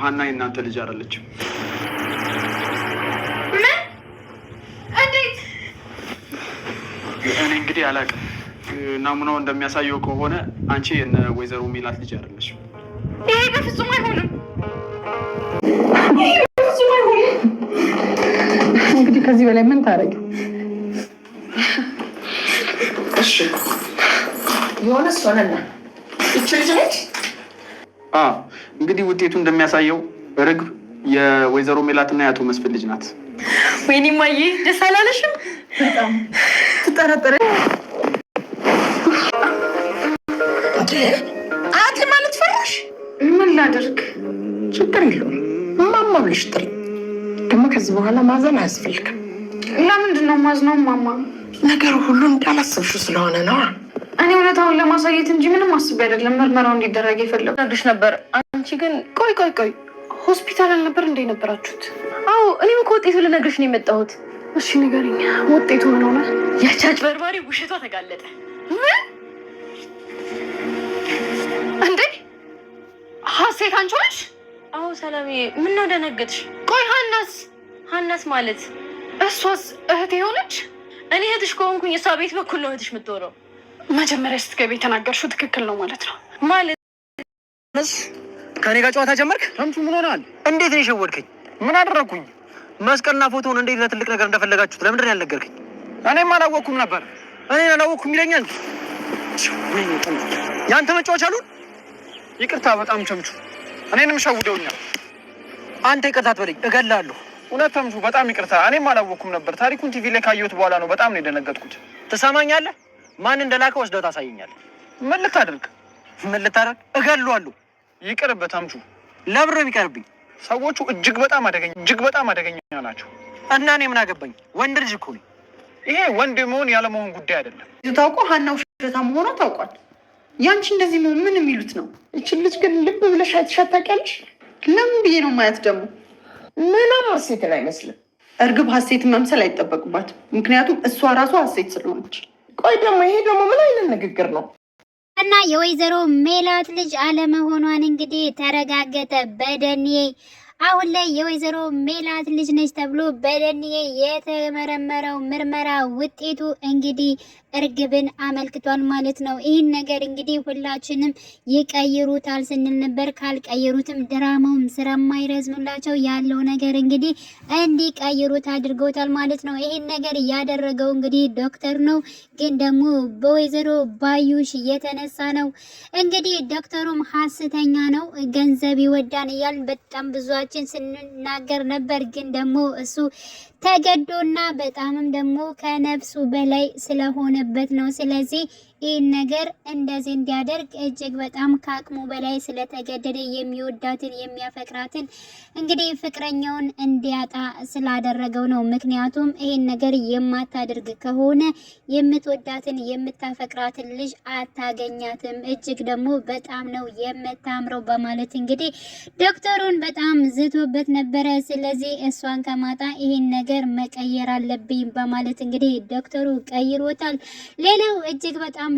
ሀና የእናንተ ልጅ አይደለችም። ምን? እንዴት? እኔ እንግዲህ አላውቅም። ናሙናው እንደሚያሳየው ከሆነ አንቺ የነ ወይዘሮ ሚላት ልጅ አይደለችም። ይሄ በፍጹም አይሆንም። እንግዲህ ከዚህ በላይ ምን ታደርጊ? የሆነ ሆነና ይች ልጅ ነች እንግዲህ ውጤቱ እንደሚያሳየው ርግብ የወይዘሮ ሜላትና የአቶ መስፍን ልጅ ናት። ወይኔ ማዬ ደስ አላለሽም? ትጠረጠረ አያቴ ማለት ፈራሽ። ምን ላደርግ? ችግር የለውም ማማ ብለሽ ጥሪ። ደግሞ ከዚህ በኋላ ማዘን አያስፈልግም። ለምንድን ነው ማዝነው? ማማ ነገሩ ሁሉ እንዳላሰብሽው ስለሆነ ነዋ። እኔ እውነታውን ለማሳየት እንጂ ምንም አስቤ አይደለም ምርመራው እንዲደረግ የፈለጉ ነግሽ ነበር። አንቺ ግን ቆይ ቆይ ቆይ ሆስፒታል አልነበር እንደ ነበራችሁት? አዎ እኔም እኮ ውጤቱ ልነግርሽ ነው የመጣሁት። እሺ ንገሪኝ፣ ውጤቱ ምን ሆነ? በርባሪ ውሸቷ ተጋለጠ። ምን እንዴ? ሀሴት አንቺ ሆንሽ? አዎ ሰላሜ፣ ምነው ደነገጥሽ? ቆይ ሀናስ ሀናስ ማለት እሷስ እህቴ የሆነች? እኔ እህትሽ ከሆንኩኝ እሷ ቤት በኩል ነው እህትሽ ምትወረው መጀመሪያ ስትገቢ የተናገርሽው ትክክል ነው ማለት ነው ማለት ከኔ ጋር ጨዋታ ጀመርክ? ተምቹ ምን ሆናል? እንዴት ነው የሸወድከኝ? ምን አደረግኩኝ? መስቀልና ፎቶውን እንዴት ለትልቅ ነገር እንደፈለጋችሁት ለምንድን ነው ያልነገርከኝ? እኔም አላወቅኩም ነበር። እኔን አላወቅኩም ይለኛል። የአንተ መጫወች አሉን። ይቅርታ በጣም ተምቹ፣ እኔንም ሸውደውኛል። አንተ ይቅርታ ትበለኝ እገላለሁ። እውነት ተምቹ በጣም ይቅርታ። እኔም አላወቅኩም ነበር። ታሪኩን ቲቪ ላይ ካየሁት በኋላ ነው በጣም ነው የደነገጥኩት። ትሰማኛለህ? ማን እንደላከ ወስደው ታሳየኛለህ። ምን ልታደርግ ምን ልታደርግ? እገለዋለሁ ይቅርብህ ተምቹ። ለብር ይቀርብኝ። ሰዎቹ እጅግ በጣም አደገኛ እጅግ በጣም አደገኛ ናቸው እና እኔ ምን አገባኝ? ወንድ ልጅ እኮ ነኝ። ይሄ ወንድ መሆን ያለመሆን ጉዳይ አይደለም። ታውቆ ሀናው ሽታ መሆኗ ታውቋል። ያንቺ እንደዚህ መሆን ምን የሚሉት ነው? ይችን ልጅ ግን ልብ ብለሽ አይተሻት ታውቂያለሽ? ለምን ብዬ ነው ማየት ደግሞ ምንም ሀሴትን አይመስልም። እርግብ ሀሴት መምሰል አይጠበቅባትም፣ ምክንያቱም እሷ ራሷ ሀሴት ስለሆነች። ቆይ ደግሞ ይሄ ደግሞ ምን አይነት ንግግር ነው? እና የወይዘሮ ሜላት ልጅ አለመሆኗን እንግዲህ ተረጋገጠ በደኔ አሁን ላይ የወይዘሮ ሜላት ልጅ ነች ተብሎ በደኔ የተመረመረው ምርመራ ውጤቱ እንግዲህ እርግብን አመልክቷል ማለት ነው። ይህን ነገር እንግዲህ ሁላችንም ይቀይሩታል ስንል ነበር። ካልቀይሩትም ድራማውም ስለማይረዝምላቸው ያለው ነገር እንግዲህ እንዲቀይሩት አድርገውታል ማለት ነው። ይህን ነገር ያደረገው እንግዲህ ዶክተር ነው፣ ግን ደግሞ በወይዘሮ ባዩሽ የተነሳ ነው። እንግዲህ ዶክተሩም ሀስተኛ ነው፣ ገንዘብ ይወዳን እያል በጣም ብዙችን ስንናገር ነበር። ግን ደግሞ እሱ ተገዶና በጣምም ደግሞ ከነፍሱ በላይ ስለሆነ እየደከመበት ነው። ስለዚህ ይህን ነገር እንደዚህ እንዲያደርግ እጅግ በጣም ከአቅሙ በላይ ስለተገደደ የሚወዳትን የሚያፈቅራትን እንግዲህ ፍቅረኛውን እንዲያጣ ስላደረገው ነው። ምክንያቱም ይህን ነገር የማታደርግ ከሆነ የምትወዳትን የምታፈቅራትን ልጅ አታገኛትም፣ እጅግ ደግሞ በጣም ነው የምታምረው በማለት እንግዲህ ዶክተሩን በጣም ዝቶበት ነበረ። ስለዚህ እሷን ከማጣ ይህን ነገር መቀየር አለብኝ በማለት እንግዲህ ዶክተሩ ቀይሮታል። ሌላው እጅግ በጣም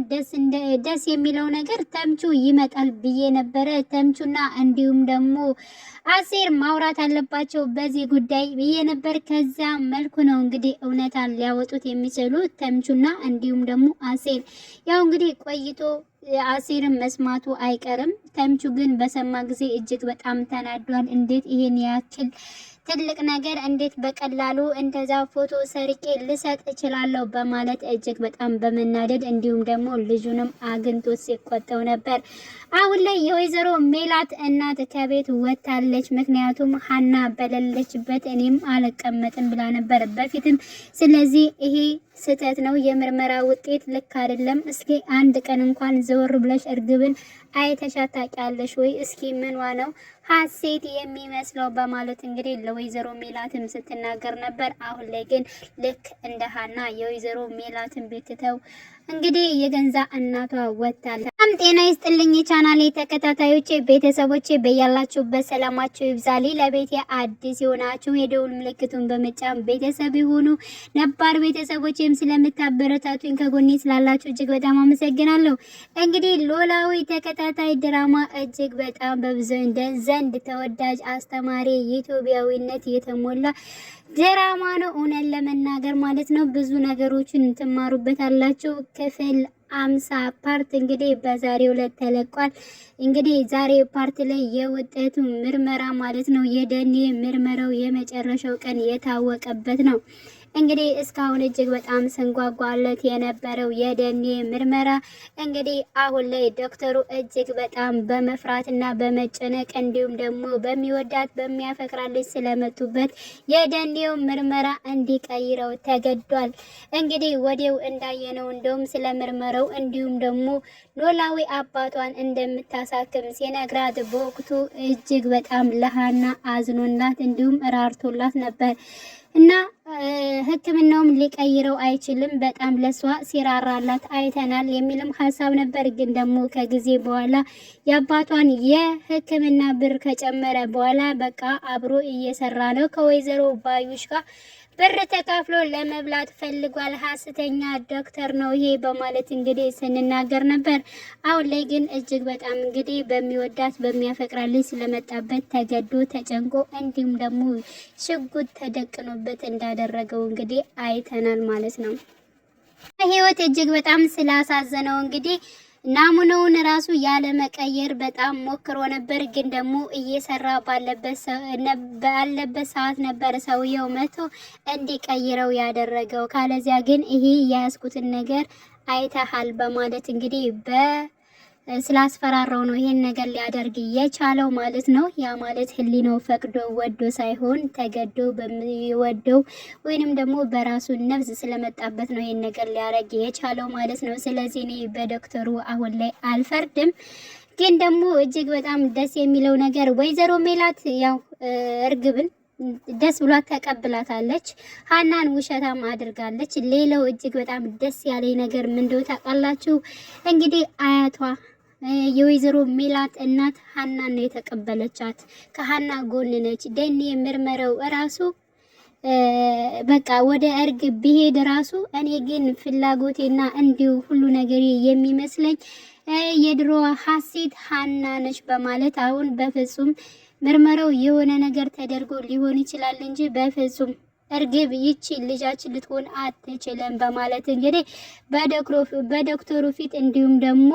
ደስ የሚለው ነገር ተምቹ ይመጣል ብዬ ነበረ። ተምቹና እንዲሁም ደግሞ አሴር ማውራት አለባቸው በዚህ ጉዳይ ብዬ ነበር። ከዛ መልኩ ነው እንግዲህ እውነታ ሊያወጡት የሚችሉ ተምቹና እንዲሁም ደግሞ አሴር። ያው እንግዲህ ቆይቶ አሴርን መስማቱ አይቀርም። ተምቹ ግን በሰማ ጊዜ እጅግ በጣም ተናዷል። እንዴት ይሄን ያክል ትልቅ ነገር እንዴት በቀላሉ እንደዛ ፎቶ ሰርቄ ልሰጥ እችላለሁ በማለት እጅግ በጣም በመናደድ እንዲሁም ደግሞ ልጁንም አግንቶ ሲቆጠው ነበር። አሁን ላይ የወይዘሮ ሜላት እናት ከቤት ወታለች። ምክንያቱም ሀና በሌለችበት እኔም አልቀመጥም ብላ ነበር በፊትም። ስለዚህ ይሄ ስህተት ነው። የምርመራ ውጤት ልክ አይደለም። እስኪ አንድ ቀን እንኳን ዘወር ብለሽ እርግብን አይተሻት ታውቂያለሽ ወይ? እስኪ ምንዋ ነው ሀሴት የሚመስለው በማለት እንግዲህ ለወይዘሮ ሜላትም ስትናገር ነበር። አሁን ላይ ግን ልክ እንደ ሀና የወይዘሮ ሜላትን ቤትተው እንግዲህ የገንዛ እናቷ ወጥታለች። በጣም ጤና ይስጥልኝ ቻናሌ ተከታታዮቼ ቤተሰቦቼ፣ በያላችሁበት ሰላማችሁ ይብዛል። ለቤቴ አዲስ የሆናችሁ የደውል ምልክቱን በመጫን ቤተሰብ ይሁኑ። ነባር ቤተሰቦቼም ስለምታበረታቱኝ ከጎኔ ስላላችሁ እጅግ በጣም አመሰግናለሁ። እንግዲህ ኖላዊ ተከታታይ ድራማ እጅግ በጣም በብዙ ዘንድ ተወዳጅ፣ አስተማሪ፣ የኢትዮጵያዊነት የተሞላ ድራማ ነው። እውነት ለመናገር ማለት ነው ብዙ ነገሮችን ትማሩበታላችሁ። ክፍል አምሳ ፓርት እንግዲህ በዛሬው ዕለት ተለቋል። እንግዲህ ዛሬ ፓርት ላይ የውጤቱ ምርመራ ማለት ነው የደኔ ምርመራው የመጨረሻው ቀን የታወቀበት ነው። እንግዲህ እስካሁን እጅግ በጣም ስንጓጓለት የነበረው የደኔ ምርመራ እንግዲህ አሁን ላይ ዶክተሩ እጅግ በጣም በመፍራትና በመጨነቅ እንዲሁም ደግሞ በሚወዳት በሚያፈቅራት ልጅ ስለመጡበት የደኔው ምርመራ እንዲቀይረው ተገዷል። እንግዲህ ወዲያው እንዳየነው እንደውም ስለ ምርመራው እንዲሁም ደግሞ ኖላዊ አባቷን እንደምታሳክም ሲነግራት በወቅቱ እጅግ በጣም ለሃና አዝኖላት እንዲሁም ራርቶላት ነበር እና ህክምናውም ሊቀይረው አይችልም። በጣም ለሷ ሲራራላት አይተናል የሚልም ሀሳብ ነበር። ግን ደግሞ ከጊዜ በኋላ የአባቷን የህክምና ብር ከጨመረ በኋላ በቃ አብሮ እየሰራ ነው ከወይዘሮ ባዩሽ ጋር ብር ተካፍሎ ለመብላት ፈልጓል። ሀሰተኛ ዶክተር ነው ይሄ በማለት እንግዲህ ስንናገር ነበር። አሁን ላይ ግን እጅግ በጣም እንግዲህ በሚወዳት በሚያፈቅራት ልጅ ስለመጣበት ተገዶ ተጨንቆ እንዲሁም ደግሞ ሽጉጥ ተደቅኖበት እንዳለ እንዳደረገው እንግዲህ አይተናል ማለት ነው። ህይወት እጅግ በጣም ስላሳዘነው እንግዲህ ናሙናውን ራሱ ያለ መቀየር በጣም ሞክሮ ነበር፣ ግን ደግሞ እየሰራ ባለበት ሰዓት ነበር ሰውየው መቶ እንዲቀይረው ያደረገው። ካለዚያ ግን ይሄ የያዝኩትን ነገር አይተሃል በማለት እንግዲህ በ ስላስፈራረው ነው ይሄን ነገር ሊያደርግ የቻለው ማለት ነው። ያ ማለት ህሊናው ፈቅዶ ወዶ ሳይሆን ተገዶ በሚወደው ወይንም ደግሞ በራሱ ነፍስ ስለመጣበት ነው ይሄን ነገር ሊያደርግ የቻለው ማለት ነው። ስለዚህ እኔ በዶክተሩ አሁን ላይ አልፈርድም። ግን ደግሞ እጅግ በጣም ደስ የሚለው ነገር ወይዘሮ ሜላት ያው እርግብን ደስ ብሏት ተቀብላታለች። ሀናን ውሸታም አድርጋለች። ሌላው እጅግ በጣም ደስ ያለኝ ነገር ምንድነው ታውቃላችሁ? እንግዲህ አያቷ የወይዘሮ ሜላት እናት ሀና ነው የተቀበለቻት። ከሀና ጎን ነች። ደኔ የምርመረው እራሱ በቃ ወደ እርግ ብሄድ ራሱ እኔ ግን ፍላጎቴና እንዲሁ ሁሉ ነገር የሚመስለኝ የድሮ ሀሴት ሀና ነች በማለት አሁን በፍጹም ምርመራው የሆነ ነገር ተደርጎ ሊሆን ይችላል እንጂ በፍጹም እርግብ ይቺ ልጃችን ልትሆን አትችልም በማለት እንግዲህ በዶክተሩ ፊት እንዲሁም ደግሞ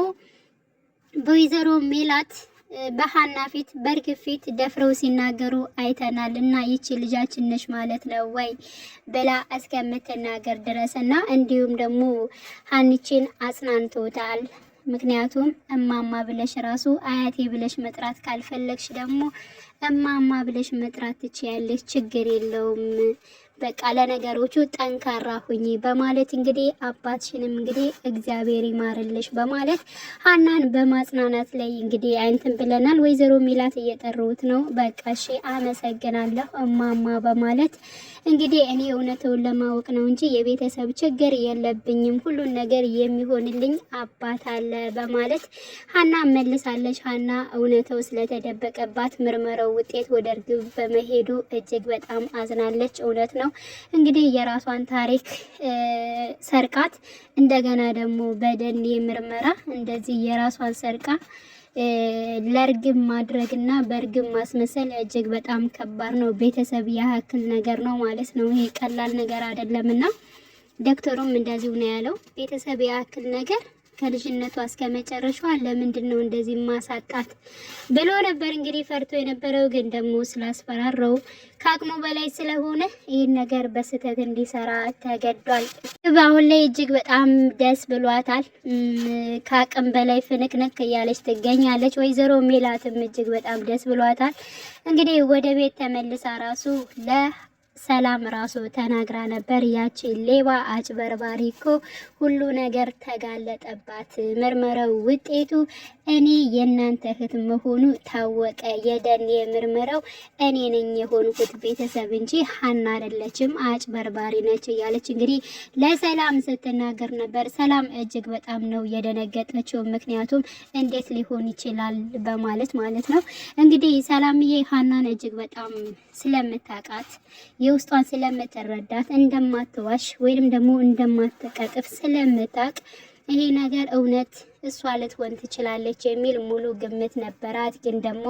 በወይዘሮ ሜላት በሀና ፊት በእርግብ ፊት ደፍረው ሲናገሩ አይተናል እና ይቺ ልጃችን ነች ማለት ነው ወይ ብላ እስከምትናገር ድረስ እና እንዲሁም ደግሞ ሀንችን አጽናንቶታል። ምክንያቱም እማማ ብለሽ ራሱ አያቴ ብለሽ መጥራት ካልፈለግሽ ደግሞ እማማ ብለሽ መጥራት ትችያለሽ፣ ችግር የለውም በቃ ለነገሮቹ ጠንካራ ሁኚ በማለት እንግዲህ አባትሽንም እንግዲህ እግዚአብሔር ይማርልሽ በማለት ሀናን በማጽናናት ላይ እንግዲህ አይንትን ብለናል። ወይዘሮ ሚላት እየጠሩት ነው። በቃ እሺ አመሰግናለሁ እማማ በማለት እንግዲህ እኔ እውነቱን ለማወቅ ነው እንጂ የቤተሰብ ችግር የለብኝም፣ ሁሉን ነገር የሚሆንልኝ አባት አለ በማለት ሀና መልሳለች። ሀና እውነተው ስለተደበቀባት ምርመራው ውጤት ወደ እርግብ በመሄዱ እጅግ በጣም አዝናለች። እውነት ነው እንግዲህ የራሷን ታሪክ ሰርቃት እንደገና ደግሞ በደን ምርመራ እንደዚህ የራሷን ሰርቃ ለእርግብ ማድረግ እና በእርግብ ማስመሰል እጅግ በጣም ከባድ ነው። ቤተሰብ ያህክል ነገር ነው ማለት ነው። ይሄ ቀላል ነገር አይደለምና እና ዶክተሩም እንደዚሁ ነው ያለው ቤተሰብ ያህክል ነገር ከልጅነቷ እስከ መጨረሻ ለምንድን ነው እንደዚህ ማሳጣት ብሎ ነበር እንግዲህ ፈርቶ የነበረው። ግን ደግሞ ስላስፈራረው ከአቅሙ በላይ ስለሆነ ይህን ነገር በስህተት እንዲሰራ ተገዷል። አሁን ላይ እጅግ በጣም ደስ ብሏታል። ከአቅም በላይ ፍንቅንቅ እያለች ትገኛለች። ወይዘሮ ሜላትም እጅግ በጣም ደስ ብሏታል። እንግዲህ ወደ ቤት ተመልሳ ራሱ ለ ሰላም ራሱ ተናግራ ነበር። ያቺ ሌባ አጭበርባሪ እኮ ሁሉ ነገር ተጋለጠባት። ምርመራው ውጤቱ እኔ የእናንተ እህት መሆኑ ታወቀ። የደን ምርመራው እኔ ነኝ የሆንኩት ቤተሰብ እንጂ ሀና አይደለችም፣ አጭበርባሪ ነች እያለች እንግዲህ ለሰላም ስትናገር ነበር። ሰላም እጅግ በጣም ነው የደነገጠችው። ምክንያቱም እንዴት ሊሆን ይችላል በማለት ማለት ነው እንግዲህ ሰላምዬ ሀናን እጅግ በጣም ስለምታውቃት የውስጧን ስለምትረዳት እንደማትዋሽ ወይም ደግሞ እንደማትቀጥፍ ስለምታቅ ይሄ ነገር እውነት እሷ ልትሆን ትችላለች የሚል ሙሉ ግምት ነበራት። ግን ደግሞ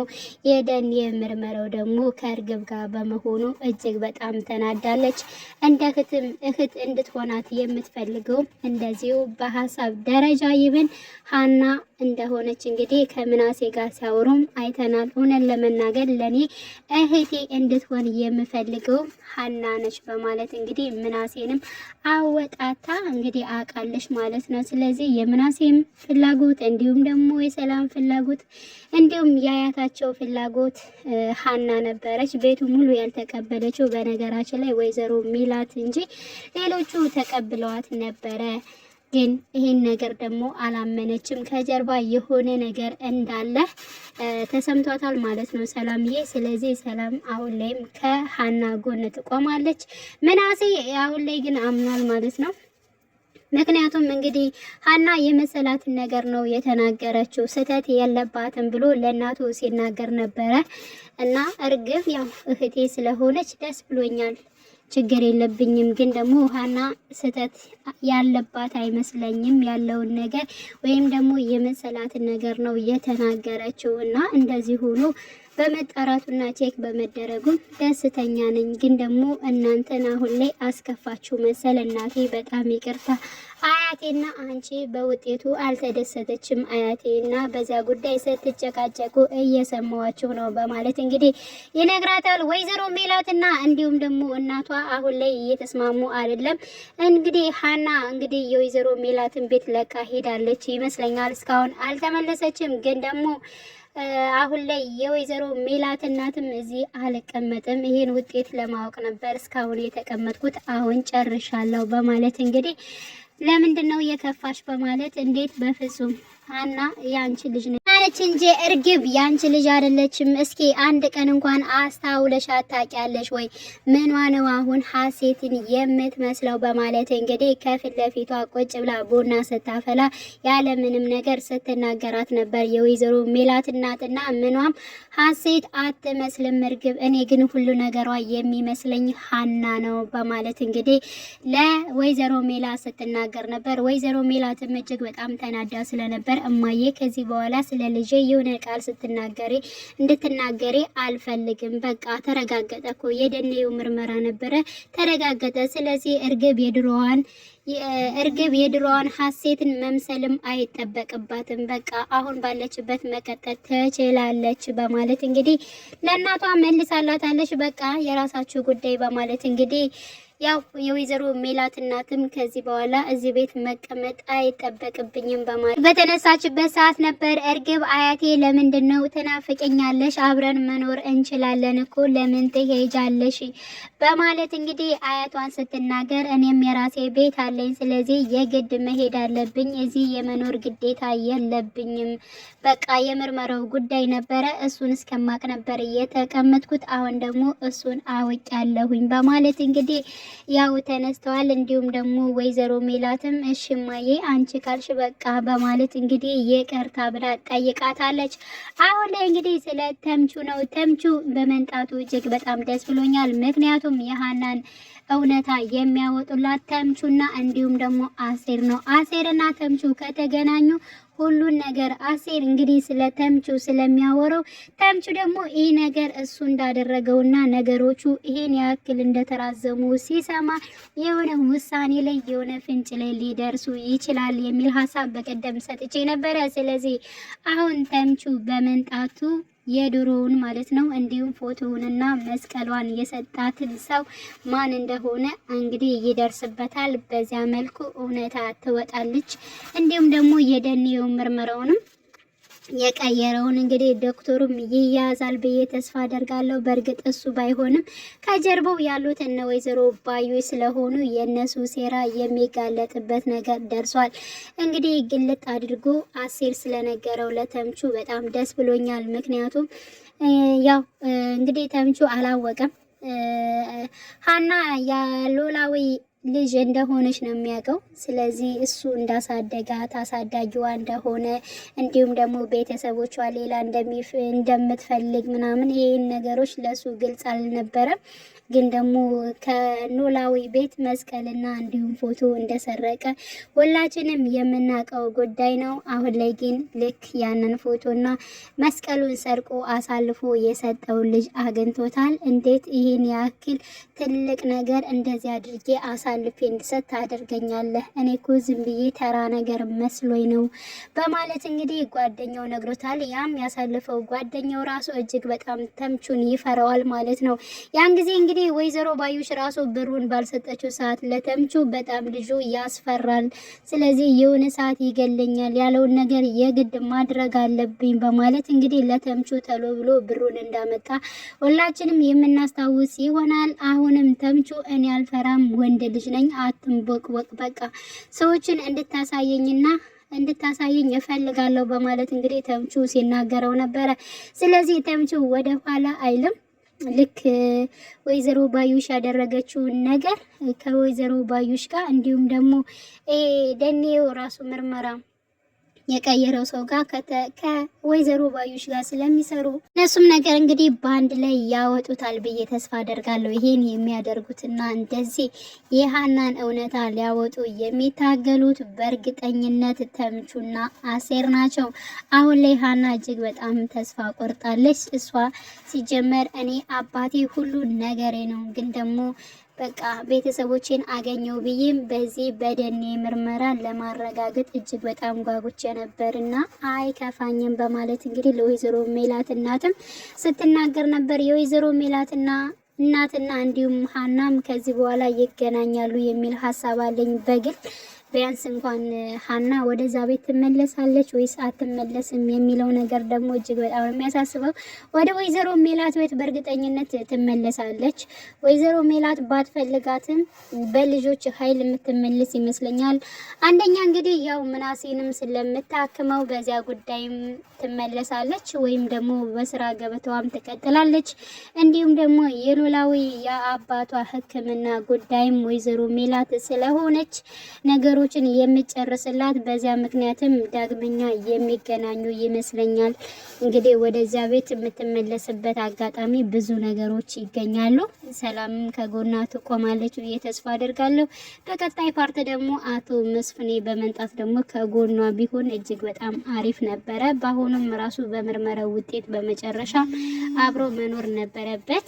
የደን የምርመረው ደግሞ ከእርግብ ጋር በመሆኑ እጅግ በጣም ተናዳለች። እንደ እህትም እህት እንድትሆናት የምትፈልገው እንደዚሁ በሀሳብ ደረጃ ይብን ሀና እንደሆነች እንግዲህ ከምናሴ ጋር ሲያወሩም አይተናል። እውነት ለመናገር ለእኔ እህቴ እንድትሆን የምፈልገው ሀና ነች በማለት እንግዲህ ምናሴንም አወጣታ እንግዲህ አውቃለች ማለት ነው። ስለዚህ የምናሴም ፍላጎት እንዲሁም ደግሞ የሰላም ፍላጎት እንዲሁም የአያታቸው ፍላጎት ሀና ነበረች ቤቱ ሙሉ ያልተቀበለችው። በነገራችን ላይ ወይዘሮ ሚላት እንጂ ሌሎቹ ተቀብለዋት ነበረ። ግን ይህን ነገር ደግሞ አላመነችም። ከጀርባ የሆነ ነገር እንዳለ ተሰምቷታል ማለት ነው ሰላምዬ። ስለዚህ ሰላም አሁን ላይም ከሀና ጎን ትቆማለች። ምናሴ አሁን ላይ ግን አምኗል ማለት ነው። ምክንያቱም እንግዲህ ሀና የመሰላትን ነገር ነው የተናገረችው፣ ስህተት የለባትም ብሎ ለእናቱ ሲናገር ነበረ። እና እርግብ ያው እህቴ ስለሆነች ደስ ብሎኛል፣ ችግር የለብኝም። ግን ደግሞ ሀና ስህተት ያለባት አይመስለኝም። ያለውን ነገር ወይም ደግሞ የመሰላትን ነገር ነው የተናገረችው እና እንደዚህ ሆኖ በመጣራቱና ቼክ በመደረጉ ደስተኛ ነኝ። ግን ደግሞ እናንተን አሁን ላይ አስከፋችሁ መሰል። እናቴ በጣም ይቅርታ። አያቴና አንቺ በውጤቱ አልተደሰተችም። አያቴና በዚያ ጉዳይ ስትጨቃጨቁ እየሰማዋችሁ ነው በማለት እንግዲህ ይነግራታል ወይዘሮ ሜላትና እንዲሁም ደግሞ እናቷ አሁን ላይ እየተስማሙ አይደለም። እንግዲህ ሀና እንግዲህ የወይዘሮ ሜላትን ቤት ለቃ ሄዳለች ይመስለኛል። እስካሁን አልተመለሰችም ግን ደግሞ አሁን ላይ የወይዘሮ ሜላት እናትም እዚህ አልቀመጥም፣ ይሄን ውጤት ለማወቅ ነበር እስካሁን የተቀመጥኩት፣ አሁን ጨርሻለሁ በማለት እንግዲህ ለምንድን ነው የከፋሽ በማለት እንዴት በፍጹም ሀና ያንቺ ልጅ ነች እንጂ እርግብ ያንቺ ልጅ አይደለችም። እስኪ አንድ ቀን እንኳን አስታውለሽ አታውቂያለሽ ወይ? ምኗ ነው አሁን ሀሴትን የምትመስለው? በማለት እንግዲህ ከፊት ለፊቷ ቁጭ ብላ ቡና ስታፈላ ያለ ምንም ነገር ስትናገራት ነበር የወይዘሮ ሜላት እናትና ምኗም ሀሴት አትመስልም እርግብ፣ እኔ ግን ሁሉ ነገሯ የሚመስለኝ ሀና ነው በማለት እንግዲህ ለወይዘሮ ሜላት ስትናገር ነበር። ወይዘሮ ሜላትም እጅግ በጣም ተናዳ ስለነበር እማዬ ከዚህ በኋላ ስለ ልጄ የሆነ ቃል ስትናገሪ እንድትናገሪ አልፈልግም። በቃ ተረጋገጠ እኮ የደኔው ምርመራ ነበረ፣ ተረጋገጠ። ስለዚህ እርግብ የድሮዋን እርግብ የድሮዋን ሀሴትን መምሰልም አይጠበቅባትም። በቃ አሁን ባለችበት መቀጠል ትችላለች በማለት እንግዲህ ለእናቷ መልሳላታለች። በቃ የራሳችሁ ጉዳይ በማለት እንግዲህ ያው የወይዘሮ ሜላት እናትም ከዚህ በኋላ እዚህ ቤት መቀመጥ አይጠበቅብኝም በማለት በተነሳችበት ሰዓት ነበር እርግብ አያቴ ለምንድን ነው ትናፍቀኛለሽ? አብረን መኖር እንችላለን እኮ ለምን ትሄጃለሽ? በማለት እንግዲህ አያቷን ስትናገር እኔም የራሴ ቤት አለኝ፣ ስለዚህ የግድ መሄድ አለብኝ። እዚህ የመኖር ግዴታ የለብኝም። በቃ የምርመራው ጉዳይ ነበረ፣ እሱን እስከማቅ ነበር እየተቀመጥኩት። አሁን ደግሞ እሱን አውቅ ያለሁኝ በማለት እንግዲህ ያው ተነስተዋል። እንዲሁም ደግሞ ወይዘሮ ሜላትም እሺ እማዬ አንቺ ካልሽ በቃ በማለት እንግዲህ ይቅርታ ብላ ጠይቃታለች። አሁን ላይ እንግዲህ ስለ ተምቹ ነው። ተምቹ በመንጣቱ እጅግ በጣም ደስ ብሎኛል። ምክንያቱም የሀናን እውነታ የሚያወጡላት ተምቹና እንዲሁም ደግሞ አሴር ነው። አሴርና ተምቹ ከተገናኙ ሁሉን ነገር አሴር እንግዲህ ስለ ተምቹ ስለሚያወረው ተምቹ ደግሞ ይህ ነገር እሱ እንዳደረገውና ነገሮቹ ይሄን ያክል እንደተራዘሙ ሲሰማ የሆነ ውሳኔ ላይ የሆነ ፍንጭ ላይ ሊደርሱ ይችላል የሚል ሀሳብ በቀደም ሰጥቼ ነበረ። ስለዚህ አሁን ተምቹ በመንጣቱ የድሮውን ማለት ነው። እንዲሁም ፎቶውንና መስቀሏን የሰጣትን ሰው ማን እንደሆነ እንግዲህ ይደርስበታል። በዚያ መልኩ እውነታ ትወጣለች። እንዲሁም ደግሞ የደንየው ምርመራውንም የቀየረውን እንግዲህ ዶክተሩም ይያዛል ብዬ ተስፋ አደርጋለሁ። በእርግጥ እሱ ባይሆንም ከጀርባው ያሉት እነ ወይዘሮ ባዩ ስለሆኑ የእነሱ ሴራ የሚጋለጥበት ነገር ደርሷል። እንግዲህ ግልጥ አድርጎ አሴር ስለነገረው ለተምቹ በጣም ደስ ብሎኛል። ምክንያቱም ያው እንግዲህ ተምቹ አላወቀም ሀና ያሎላዊ ልጅ እንደሆነች ነው የሚያውቀው። ስለዚህ እሱ እንዳሳደጋት አሳዳጊዋ እንደሆነ እንዲሁም ደግሞ ቤተሰቦቿ ሌላ እንደምትፈልግ ምናምን ይህን ነገሮች ለሱ ግልጽ አልነበረም። ግን ደግሞ ከኖላዊ ቤት መስቀልና እንዲሁም ፎቶ እንደሰረቀ ሁላችንም የምናውቀው ጉዳይ ነው። አሁን ላይ ግን ልክ ያንን ፎቶና መስቀሉን ሰርቆ አሳልፎ የሰጠውን ልጅ አግኝቶታል። እንዴት ይህን ያክል ትልቅ ነገር እንደዚህ አድርጌ አሳ አሳልፌ እንድሰጥ ታደርገኛለህ? እኔ እኮ ዝም ብዬ ተራ ነገር መስሎኝ ነው በማለት እንግዲህ ጓደኛው ነግሮታል። ያም ያሳለፈው ጓደኛው ራሱ እጅግ በጣም ተምቹን ይፈራዋል ማለት ነው። ያን ጊዜ እንግዲህ ወይዘሮ ባዩሽ ራሱ ብሩን ባልሰጠችው ሰዓት ለተምቹ በጣም ልጁ ያስፈራል፣ ስለዚህ የሆነ ሰዓት ይገለኛል፣ ያለውን ነገር የግድ ማድረግ አለብኝ በማለት እንግዲህ ለተምቹ ተሎ ብሎ ብሩን እንዳመጣ ሁላችንም የምናስታውስ ይሆናል። አሁንም ተምቹ እኔ አልፈራም ወንድ ልጅ ልጅ ነኝ አትንቦቅቦቅ፣ በቃ ሰዎችን እንድታሳየኝና እንድታሳየኝ እፈልጋለሁ በማለት እንግዲህ ተምቹ ሲናገረው ነበረ። ስለዚህ ተምቹ ወደ ኋላ አይልም። ልክ ወይዘሮ ባዩሽ ያደረገችውን ነገር ከወይዘሮ ባዩሽ ጋር እንዲሁም ደግሞ ደኔው ራሱ ምርመራ የቀየረው ሰው ጋር ከወይዘሮ ባዩሽ ጋር ስለሚሰሩ እነሱም ነገር እንግዲህ በአንድ ላይ ያወጡታል ብዬ ተስፋ አደርጋለሁ። ይሄን የሚያደርጉትና እንደዚህ የሀናን እውነታ ሊያወጡ የሚታገሉት በእርግጠኝነት ተምቹና አሴር ናቸው። አሁን ላይ ሀና እጅግ በጣም ተስፋ ቆርጣለች። እሷ ሲጀመር እኔ አባቴ ሁሉ ነገሬ ነው ግን ደግሞ በቃ ቤተሰቦቼን አገኘው ብዬም በዚህ በደኔ ምርመራን ለማረጋገጥ እጅግ በጣም ጓጉቼ ነበር እና አይከፋኝም በማለት እንግዲህ ለወይዘሮ ሜላት እናትም ስትናገር ነበር። የወይዘሮ ሜላትና እናትና እንዲሁም ሀናም ከዚህ በኋላ ይገናኛሉ የሚል ሀሳብ አለኝ በግል ቢያንስ እንኳን ሀና ወደዛ ቤት ትመለሳለች ወይስ አትመለስም የሚለው ነገር ደግሞ እጅግ በጣም ነው የሚያሳስበው። ወደ ወይዘሮ ሜላት ቤት በእርግጠኝነት ትመለሳለች። ወይዘሮ ሜላት ባትፈልጋትም በልጆች ኃይል የምትመልስ ይመስለኛል። አንደኛ እንግዲህ ያው ምናሴንም ስለምታክመው በዚያ ጉዳይም ትመለሳለች፣ ወይም ደግሞ በስራ ገበታዋም ትቀጥላለች። እንዲሁም ደግሞ የኖላዊ የአባቷ ሕክምና ጉዳይም ወይዘሮ ሜላት ስለሆነች ነገሩ ነገሮችን የምጨርስላት በዚያ ምክንያትም ዳግመኛ የሚገናኙ ይመስለኛል። እንግዲህ ወደዚያ ቤት የምትመለስበት አጋጣሚ ብዙ ነገሮች ይገኛሉ። ሰላምም ከጎና ትቆማለች ብዬ ተስፋ አደርጋለሁ። በቀጣይ ፓርት ደግሞ አቶ መስፍኔ በመንጣት ደግሞ ከጎኗ ቢሆን እጅግ በጣም አሪፍ ነበረ። በአሁኑም ራሱ በምርመራው ውጤት በመጨረሻ አብሮ መኖር ነበረበት።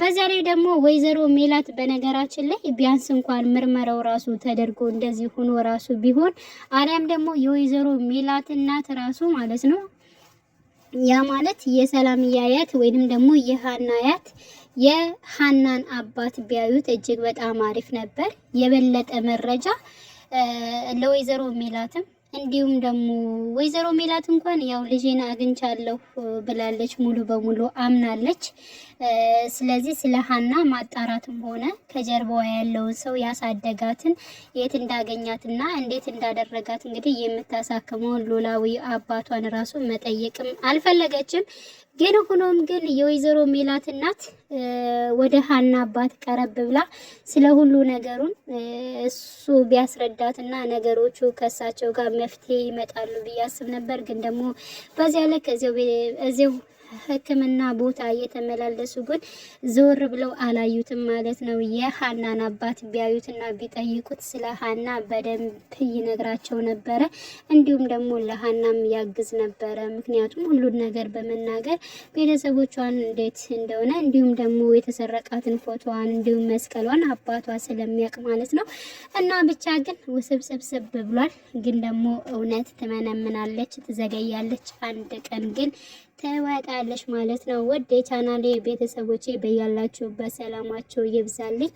በዛ ላይ ደግሞ ወይዘሮ ሜላት በነገራችን ላይ ቢያንስ እንኳን ምርመራው ራሱ ተደርጎ እንደዚህ ሆኖ ራሱ ቢሆን አሊያም ደግሞ የወይዘሮ ሜላት እናት ራሱ ማለት ነው ያ ማለት የሰላምዬ አያት ወይንም ደግሞ የሃና አያት የሀናን አባት ቢያዩት እጅግ በጣም አሪፍ ነበር። የበለጠ መረጃ ለወይዘሮ ሜላትም እንዲሁም ደግሞ ወይዘሮ ሜላት እንኳን ያው ልጄን አግኝቻለሁ ብላለች፣ ሙሉ በሙሉ አምናለች። ስለዚህ ስለ ሀና ማጣራትም ሆነ ከጀርባዋ ያለውን ሰው ያሳደጋትን የት እንዳገኛትና እንዴት እንዳደረጋት እንግዲህ የምታሳክመውን ሉላዊ አባቷን ራሱ መጠየቅም አልፈለገችም። ግን ሆኖም ግን የወይዘሮ ሜላት እናት ወደ ሀና አባት ቀረብ ብላ ስለ ሁሉ ነገሩን እሱ ቢያስረዳትና ነገሮቹ ከእሳቸው ጋር መፍትሄ ይመጣሉ ብዬ አስብ ነበር። ግን ደግሞ በዚያ ላይ ሕክምና ቦታ እየተመላለሱ ግን ዞር ብለው አላዩትም ማለት ነው። የሀናን አባት ቢያዩትና ቢጠይቁት ስለ ሀና በደንብ ይነግራቸው ነበረ። እንዲሁም ደግሞ ለሀናም ያግዝ ነበረ። ምክንያቱም ሁሉን ነገር በመናገር ቤተሰቦቿን እንዴት እንደሆነ እንዲሁም ደግሞ የተሰረቃትን ፎቶዋን እንዲሁም መስቀሏን አባቷ ስለሚያውቅ ማለት ነው። እና ብቻ ግን ውስብስብስብ ብሏል። ግን ደግሞ እውነት ትመነምናለች፣ ትዘገያለች። አንድ ቀን ግን ትመጣለች ማለት ነው። ወደ ቻናሌ ቤተሰቦቼ በያላችሁበት ሰላማቸው ይብዛልኝ።